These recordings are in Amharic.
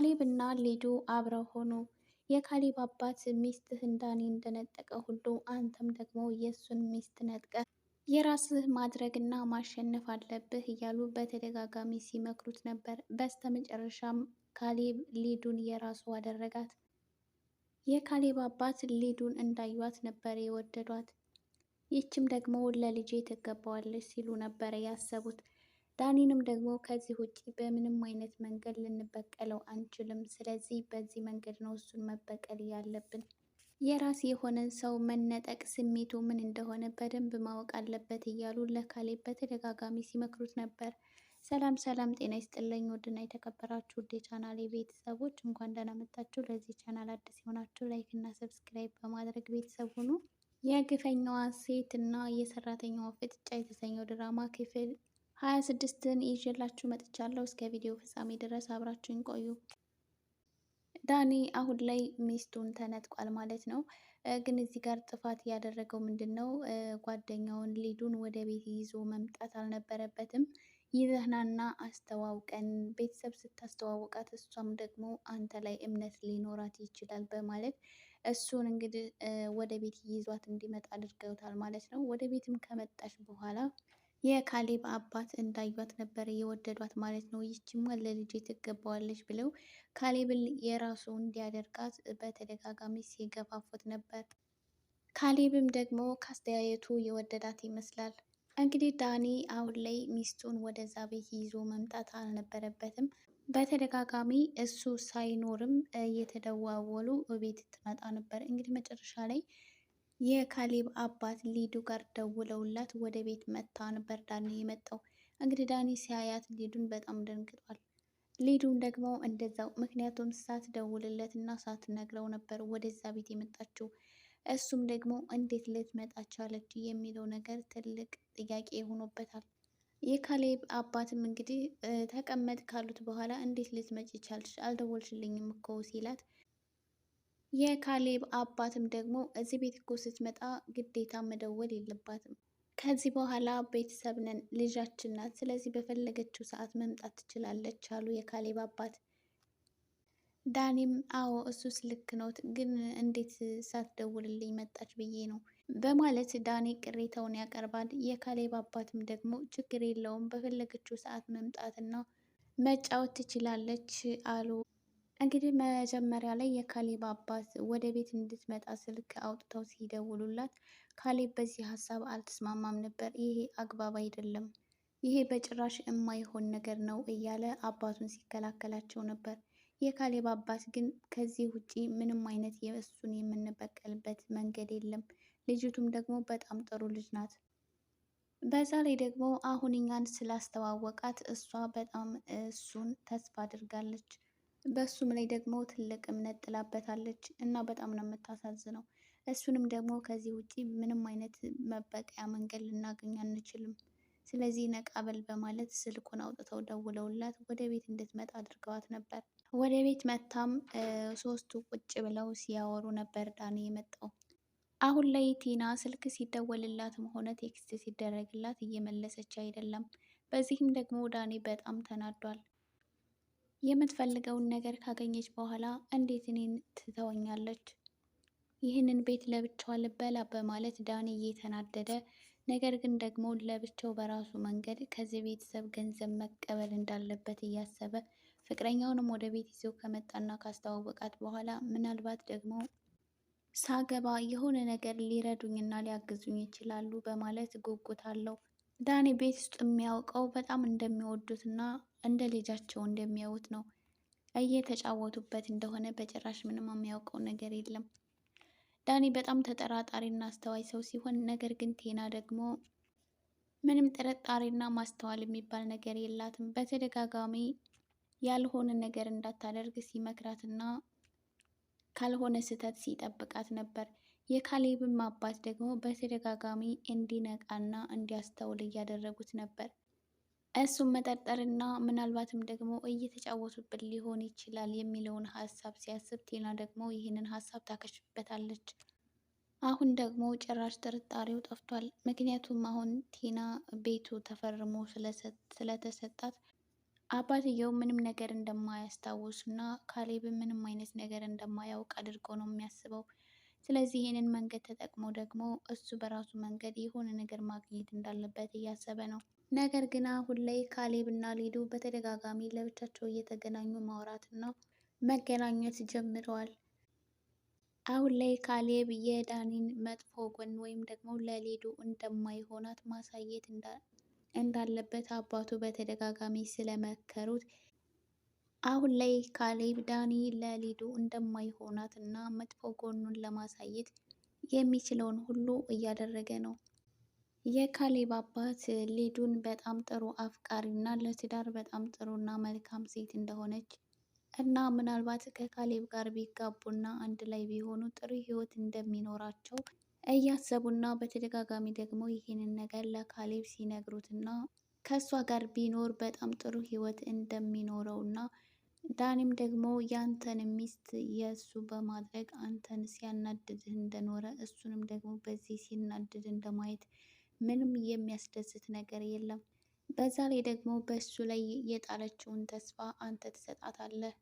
ካሌብ እና ሊዱ አብረው ሆኑ። የካሌብ አባት ሚስት ህንዳኔ እንደነጠቀ ሁሉ አንተም ደግሞ የእሱን ሚስት ነጥቀ! የራስህ ማድረግና ማሸነፍ አለብህ እያሉ በተደጋጋሚ ሲመክሩት ነበር። በስተመጨረሻም ካሌብ ሊዱን የራሱ አደረጋት። የካሌብ አባት ሊዱን እንዳዩት ነበር የወደዷት። ይችም ደግሞ ለልጄ ትገባዋለች ሲሉ ነበር ያሰቡት። ዳኒንም ደግሞ ከዚህ ውጭ በምንም አይነት መንገድ ልንበቀለው አንችልም። ስለዚህ በዚህ መንገድ ነው እሱን መበቀል ያለብን። የራስ የሆነን ሰው መነጠቅ ስሜቱ ምን እንደሆነ በደንብ ማወቅ አለበት እያሉ ለካሌብ በተደጋጋሚ ሲመክሩት ነበር። ሰላም ሰላም፣ ጤና ይስጥልኝ ውድና የተከበራችሁ ውድ የቻናል ቤተሰቦች እንኳን ደህና መጣችሁ። ለዚህ ቻናል አዲስ የሆናችሁ ላይክ እና ሰብስክራይብ በማድረግ ቤተሰብ ሁኑ። የግፈኛዋ ሴት እና የሰራተኛዋ ፍጥጫ የተሰኘው ድራማ ክፍል ሀያ ስድስትን ይዤላችሁ መጥቻለሁ። እስከ ቪዲዮ ፍጻሜ ድረስ አብራችሁን ቆዩ። ዳኒ አሁን ላይ ሚስቱን ተነጥቋል ማለት ነው። ግን እዚህ ጋር ጥፋት ያደረገው ምንድን ነው? ጓደኛውን ሊዱን ወደ ቤት ይዞ መምጣት አልነበረበትም። ይዘህናና አስተዋውቀን፣ ቤተሰብ ስታስተዋውቃት እሷም ደግሞ አንተ ላይ እምነት ሊኖራት ይችላል በማለት እሱን እንግዲህ ወደ ቤት ይዟት እንዲመጣ አድርገውታል ማለት ነው። ወደ ቤትም ከመጣች በኋላ የካሌብ አባት እንዳዩት ነበር የወደዷት ማለት ነው። ይችማ ለልጄ ትገባዋለች ብለው ካሌብን የራሱ እንዲያደርጋት በተደጋጋሚ ሲገፋፉት ነበር። ካሌብም ደግሞ ከአስተያየቱ የወደዳት ይመስላል። እንግዲህ ዳኒ አሁን ላይ ሚስቱን ወደዛ ቤት ይዞ መምጣት አልነበረበትም። በተደጋጋሚ እሱ ሳይኖርም እየተደዋወሉ ቤት ትመጣ ነበር። እንግዲህ መጨረሻ ላይ የካሌብ አባት ሊዱ ጋር ደውለውላት ወደ ቤት መታ ነበር ዳኒ የመጣው። እንግዲህ ዳኒ ሲያያት ሊዱን በጣም ደንግጧል። ሊዱን ደግሞ እንደዛው፣ ምክንያቱም ሳትደውልለት እና ሳትነግረው ነበር ወደዛ ቤት የመጣችው። እሱም ደግሞ እንዴት ልትመጣ ቻለች የሚለው ነገር ትልቅ ጥያቄ ሆኖበታል። የካሌብ አባትም እንግዲህ ተቀመጥ ካሉት በኋላ እንዴት ልትመጪ ቻልሽ? አልደወልሽልኝም እኮ ሲላት የካሌብ አባትም ደግሞ እዚህ ቤት እኮ ስትመጣ ግዴታ መደወል የለባትም ከዚህ በኋላ ቤተሰብ ነን፣ ልጃችን ናት። ስለዚህ በፈለገችው ሰዓት መምጣት ትችላለች አሉ የካሌብ አባት። ዳኒም አዎ እሱስ ልክ ነው፣ ግን እንዴት ሳትደውልልኝ መጣች ብዬ ነው በማለት ዳኒ ቅሬታውን ያቀርባል። የካሌብ አባትም ደግሞ ችግር የለውም በፈለገችው ሰዓት መምጣትና መጫወት ትችላለች አሉ። እንግዲህ መጀመሪያ ላይ የካሌብ አባት ወደ ቤት እንድትመጣ ስልክ አውጥተው ሲደውሉላት ካሌብ በዚህ ሀሳብ አልተስማማም ነበር። ይሄ አግባብ አይደለም፣ ይሄ በጭራሽ የማይሆን ነገር ነው እያለ አባቱን ሲከላከላቸው ነበር። የካሌብ አባት ግን ከዚህ ውጪ ምንም አይነት የእሱን የምንበቀልበት መንገድ የለም፣ ልጅቱም ደግሞ በጣም ጥሩ ልጅ ናት። በዛ ላይ ደግሞ አሁን እኛን ስላስተዋወቃት እሷ በጣም እሱን ተስፋ አድርጋለች በእሱም ላይ ደግሞ ትልቅ እምነት ጥላበታለች እና በጣም ነው የምታሳዝነው። እሱንም ደግሞ ከዚህ ውጪ ምንም አይነት መበቀያ መንገድ ልናገኝ አንችልም። ስለዚህ ነቃበል በማለት ስልኩን አውጥተው ደውለውላት ወደ ቤት እንድትመጣ አድርገዋት ነበር። ወደ ቤት መታም ሶስቱ ቁጭ ብለው ሲያወሩ ነበር ዳኒ የመጣው። አሁን ላይ ቲና ስልክ ሲደወልላትም ሆነ ቴክስት ሲደረግላት እየመለሰች አይደለም። በዚህም ደግሞ ዳኒ በጣም ተናዷል። የምትፈልገውን ነገር ካገኘች በኋላ እንዴት እኔን ትተወኛለች? ይህንን ቤት ለብቻዋ ልበላ በማለት ዳኒ እየተናደደ ነገር ግን ደግሞ ለብቻው በራሱ መንገድ ከዚህ ቤተሰብ ገንዘብ መቀበል እንዳለበት እያሰበ ፍቅረኛውንም ወደ ቤት ይዞ ከመጣና ካስተዋወቃት በኋላ ምናልባት ደግሞ ሳገባ የሆነ ነገር ሊረዱኝና ሊያግዙኝ ይችላሉ በማለት ጉጉት አለው። ዳኒ ቤት ውስጥ የሚያውቀው በጣም እንደሚወዱትና እንደ ልጃቸው እንደሚያዩት ነው። እየተጫወቱበት እንደሆነ በጭራሽ ምንም የሚያውቀው ነገር የለም። ዳኒ በጣም ተጠራጣሪና አስተዋይ ሰው ሲሆን፣ ነገር ግን ቴና ደግሞ ምንም ጥርጣሬና ማስተዋል የሚባል ነገር የላትም። በተደጋጋሚ ያልሆነ ነገር እንዳታደርግ ሲመክራትና ካልሆነ ስህተት ሲጠብቃት ነበር። የካሌብም አባት ደግሞ በተደጋጋሚ እንዲነቃና እንዲያስተውል እያደረጉት ነበር። እሱም መጠርጠርና ምናልባትም ደግሞ እየተጫወቱብን ሊሆን ይችላል የሚለውን ሀሳብ ሲያስብ ቴና ደግሞ ይህንን ሀሳብ ታከሽበታለች። አሁን ደግሞ ጭራሽ ጥርጣሬው ጠፍቷል። ምክንያቱም አሁን ቲና ቤቱ ተፈርሞ ስለተሰጣት አባትየው ምንም ነገር እንደማያስታውስ እና ካሌብ ምንም አይነት ነገር እንደማያውቅ አድርጎ ነው የሚያስበው። ስለዚህ ይህንን መንገድ ተጠቅሞ ደግሞ እሱ በራሱ መንገድ የሆነ ነገር ማግኘት እንዳለበት እያሰበ ነው። ነገር ግን አሁን ላይ ካሌብ እና ሊዱ በተደጋጋሚ ለብቻቸው እየተገናኙ ማውራትና መገናኘት ጀምረዋል። አሁን ላይ ካሌብ የዳኒን መጥፎ ጎን ወይም ደግሞ ለሊዱ እንደማይሆናት ማሳየት እንዳለበት አባቱ በተደጋጋሚ ስለመከሩት አሁን ላይ ካሌብ ዳኒ ለሊዱ እንደማይሆናት እና መጥፎ ጎኑን ለማሳየት የሚችለውን ሁሉ እያደረገ ነው። የካሌብ አባት ሊዱን በጣም ጥሩ አፍቃሪ እና ለትዳር በጣም ጥሩ እና መልካም ሴት እንደሆነች እና ምናልባት ከካሌብ ጋር ቢጋቡና አንድ ላይ ቢሆኑ ጥሩ ህይወት እንደሚኖራቸው እያሰቡና በተደጋጋሚ ደግሞ ይህንን ነገር ለካሌብ ሲነግሩትና ከእሷ ጋር ቢኖር በጣም ጥሩ እንደሚኖረው እንደሚኖረውና ዳኒም ደግሞ ያንተን ሚስት የእሱ በማድረግ አንተን ሲያናድድህ እንደኖረ እሱንም ደግሞ በዚህ ሲናድድ እንደማየት ምንም የሚያስደስት ነገር የለም። በዛ ላይ ደግሞ በሱ ላይ የጣለችውን ተስፋ አንተ ትሰጣታለህ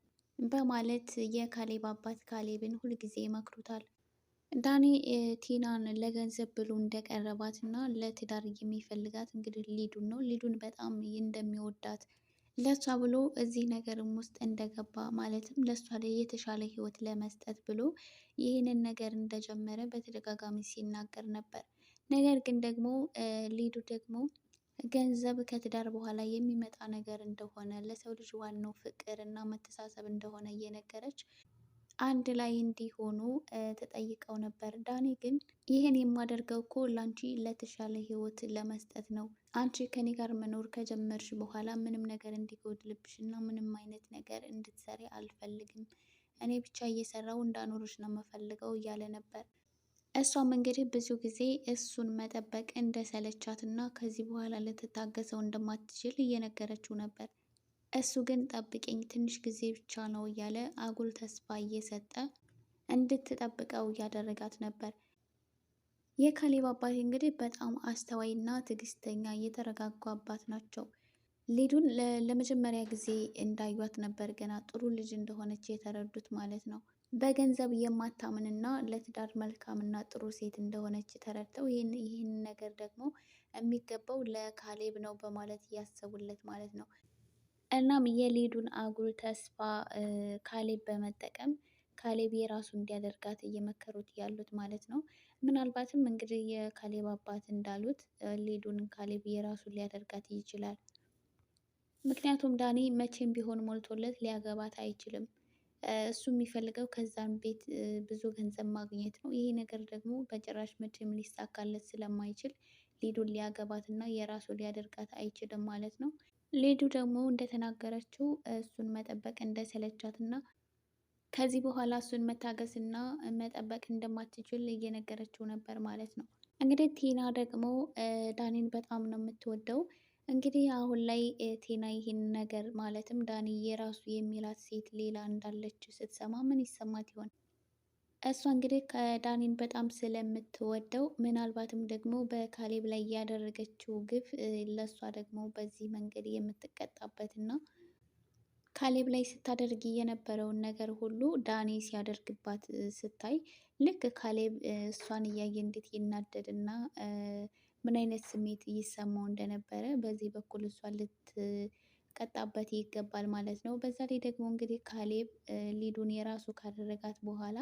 በማለት የካሌብ አባት ካሌብን ሁልጊዜ ይመክሩታል። ዳኒ ቲናን ለገንዘብ ብሎ እንደቀረባት እና ለትዳር የሚፈልጋት እንግዲህ ሊዱን ነው። ሊዱን በጣም እንደሚወዳት ለሷ ብሎ እዚህ ነገርም ውስጥ እንደገባ ማለትም ለሷ ላይ የተሻለ ህይወት ለመስጠት ብሎ ይህንን ነገር እንደጀመረ በተደጋጋሚ ሲናገር ነበር። ነገር ግን ደግሞ ሊዱ ደግሞ ገንዘብ ከትዳር በኋላ የሚመጣ ነገር እንደሆነ ለሰው ልጅ ዋናው ፍቅር እና መተሳሰብ እንደሆነ እየነገረች አንድ ላይ እንዲሆኑ ተጠይቀው ነበር። ዳኒ ግን ይህን የማደርገው እኮ ለአንቺ ለተሻለ ህይወት ለመስጠት ነው። አንቺ ከኔ ጋር መኖር ከጀመርሽ በኋላ ምንም ነገር እንዲጎድልብሽ እና ምንም አይነት ነገር እንድትሰሪ አልፈልግም። እኔ ብቻ እየሰራው እንዳኖርሽ ነው የምፈልገው እያለ ነበር። እሷም እንግዲህ ብዙ ጊዜ እሱን መጠበቅ እንደሰለቻት እና ከዚህ በኋላ ልትታገሰው እንደማትችል እየነገረችው ነበር። እሱ ግን ጠብቀኝ ትንሽ ጊዜ ብቻ ነው እያለ አጉል ተስፋ እየሰጠ እንድትጠብቀው እያደረጋት ነበር። የካሌብ አባት እንግዲህ በጣም አስተዋይ እና ትዕግስተኛ የተረጋጉ አባት ናቸው። ሊዱን ለመጀመሪያ ጊዜ እንዳዩት ነበር ገና ጥሩ ልጅ እንደሆነች የተረዱት ማለት ነው። በገንዘብ የማታምንና ለትዳር መልካምና ጥሩ ሴት እንደሆነች ተረድተው ይህን ይህን ነገር ደግሞ የሚገባው ለካሌብ ነው በማለት እያሰቡለት ማለት ነው። እናም የሊዱን አጉል ተስፋ ካሌብ በመጠቀም ካሌብ የራሱ እንዲያደርጋት እየመከሩት ያሉት ማለት ነው። ምናልባትም እንግዲህ የካሌብ አባት እንዳሉት ሊዱን ካሌብ የራሱ ሊያደርጋት ይችላል። ምክንያቱም ዳኒ መቼም ቢሆን ሞልቶለት ሊያገባት አይችልም። እሱ የሚፈልገው ከዛም ቤት ብዙ ገንዘብ ማግኘት ነው። ይሄ ነገር ደግሞ በጭራሽ መቼም ሊሳካለት ስለማይችል ሊዱን ሊያገባት እና የራሱ ሊያደርጋት አይችልም ማለት ነው። ሊዱ ደግሞ እንደተናገረችው እሱን መጠበቅ እንደሰለቻት እና ከዚህ በኋላ እሱን መታገስ እና መጠበቅ እንደማትችል እየነገረችው ነበር ማለት ነው። እንግዲህ ቲና ደግሞ ዳኒን በጣም ነው የምትወደው። እንግዲህ አሁን ላይ ቴና ይህን ነገር ማለትም ዳኒ የራሱ የሚላት ሴት ሌላ እንዳለችው ስትሰማ ምን ይሰማት ይሆን? እሷ እንግዲህ ከዳኒን በጣም ስለምትወደው ምናልባትም ደግሞ በካሌብ ላይ ያደረገችው ግፍ ለእሷ ደግሞ በዚህ መንገድ የምትቀጣበት እና ካሌብ ላይ ስታደርግ የነበረውን ነገር ሁሉ ዳኒ ሲያደርግባት ስታይ ልክ ካሌብ እሷን እያየ እንዴት ይናደድ እና ምን አይነት ስሜት ይሰማው እንደነበረ በዚህ በኩል እሷ ልትቀጣበት ይገባል ማለት ነው። በዛ ላይ ደግሞ እንግዲህ ካሌብ ሊዱን የራሱ ካደረጋት በኋላ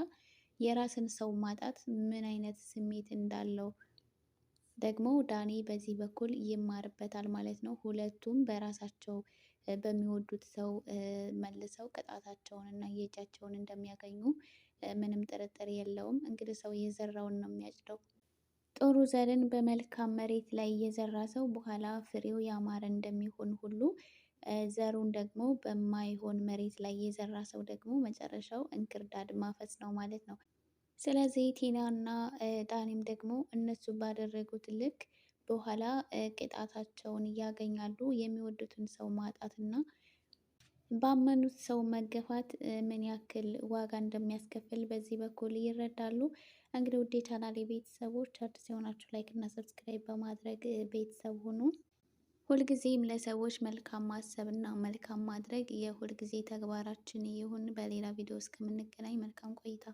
የራስን ሰው ማጣት ምን አይነት ስሜት እንዳለው ደግሞ ዳኒ በዚህ በኩል ይማርበታል ማለት ነው። ሁለቱም በራሳቸው በሚወዱት ሰው መልሰው ቅጣታቸውን እና የእጃቸውን እንደሚያገኙ ምንም ጥርጥር የለውም። እንግዲህ ሰው የዘራውን ነው የሚያጭደው። ጥሩ ዘርን በመልካም መሬት ላይ እየዘራ ሰው በኋላ ፍሬው ያማረ እንደሚሆን ሁሉ ዘሩን ደግሞ በማይሆን መሬት ላይ የዘራ ሰው ደግሞ መጨረሻው እንክርዳድ ማፈስ ነው ማለት ነው። ስለዚህ ቲናና ዳኒም ደግሞ እነሱ ባደረጉት ልክ በኋላ ቅጣታቸውን ያገኛሉ። የሚወዱትን ሰው ማጣትና ባመኑት ሰው መገፋት ምን ያክል ዋጋ እንደሚያስከፍል በዚህ በኩል ይረዳሉ። እንግዲህ ውዴ ቻናሌ ቤተሰቦች አዲስ የሆናችሁ ላይክ እና ሰብስክራይብ በማድረግ ቤተሰብ ሁኑ። ሁልጊዜም ለሰዎች መልካም ማሰብ እና መልካም ማድረግ የሁልጊዜ ተግባራችን ይሁን። በሌላ ቪዲዮ እስከምንገናኝ መልካም ቆይታ